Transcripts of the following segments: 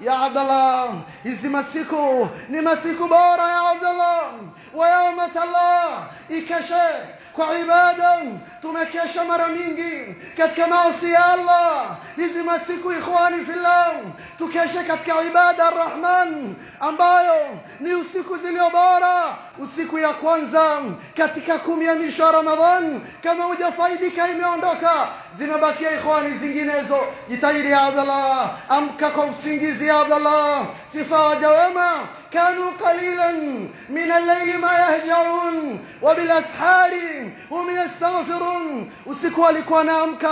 ya Abdallah, hizi masiku ni masiku bora ya wa yawmat Allah, ikeshe kwa ibada. Tumekesha mara mingi katika maasi ya Allah hizi masiku, ikhwani fillah, tukeshe katika ibada Arrahman, ambayo ni usiku zilio bora, usiku ya kwanza katika kumi ya mwisho ya Ramadhan. Kama hujafaidika imeondoka, zimebakia ikhwani zinginezo. Jitahidi ya Abdallah, amka kwa usingizi ya Abdallah. Sifa waja wema kanu qalilan min al إليه ما يهجعون وبالأسحار هم يستغفرون وسكوا لك ونامك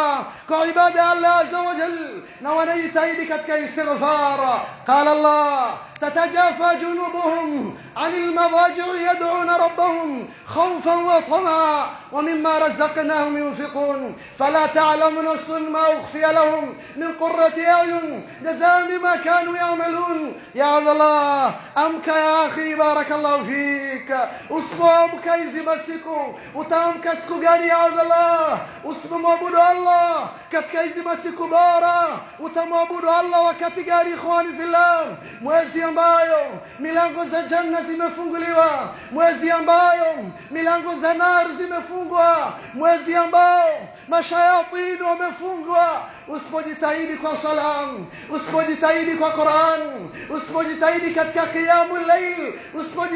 كعبادة الله عز وجل azza wa كاستغفار قال الله تتجافى جنوبهم عن المضاجع يدعون ربهم خوفا وطمعا ومما رزقناهم ينفقون فلا تعلم نفس ما أخفي لهم من قرة أعين جزاء بما كانوا يعملون يا الله amka ya akhi barakallahu fika usipoamka hizi masiku utaamka siku gani ya Allah usimwabudu Allah katika hizi masiku bora utamwabudu Allah wakati gani ikhwani fillah mwezi ambayo milango za janna zimefunguliwa mwezi ambayo milango za nar zimefungwa mwezi ambao mashayatini wamefungwa usipojitahidi kwa salamu usipojitahidi kwa Qur'an تايدي كاتكا خيام الليل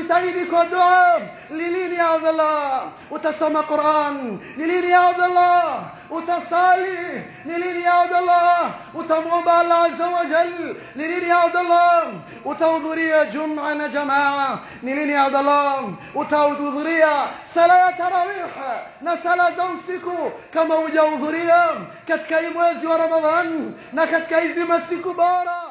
تايدي كدعاء للين يا عبد الله وتسمى قرآن للين يا عبد الله وتصالي للين يا عبد الله وتموب الله عز وجل للين يا عبد الله وتوضرية جمعة جماعة للين يا عبد الله وتوضرية صلاة تراويح نسأل زوجك كما وجه وضرية كتكي مازي رمضان نكتكي زي بارا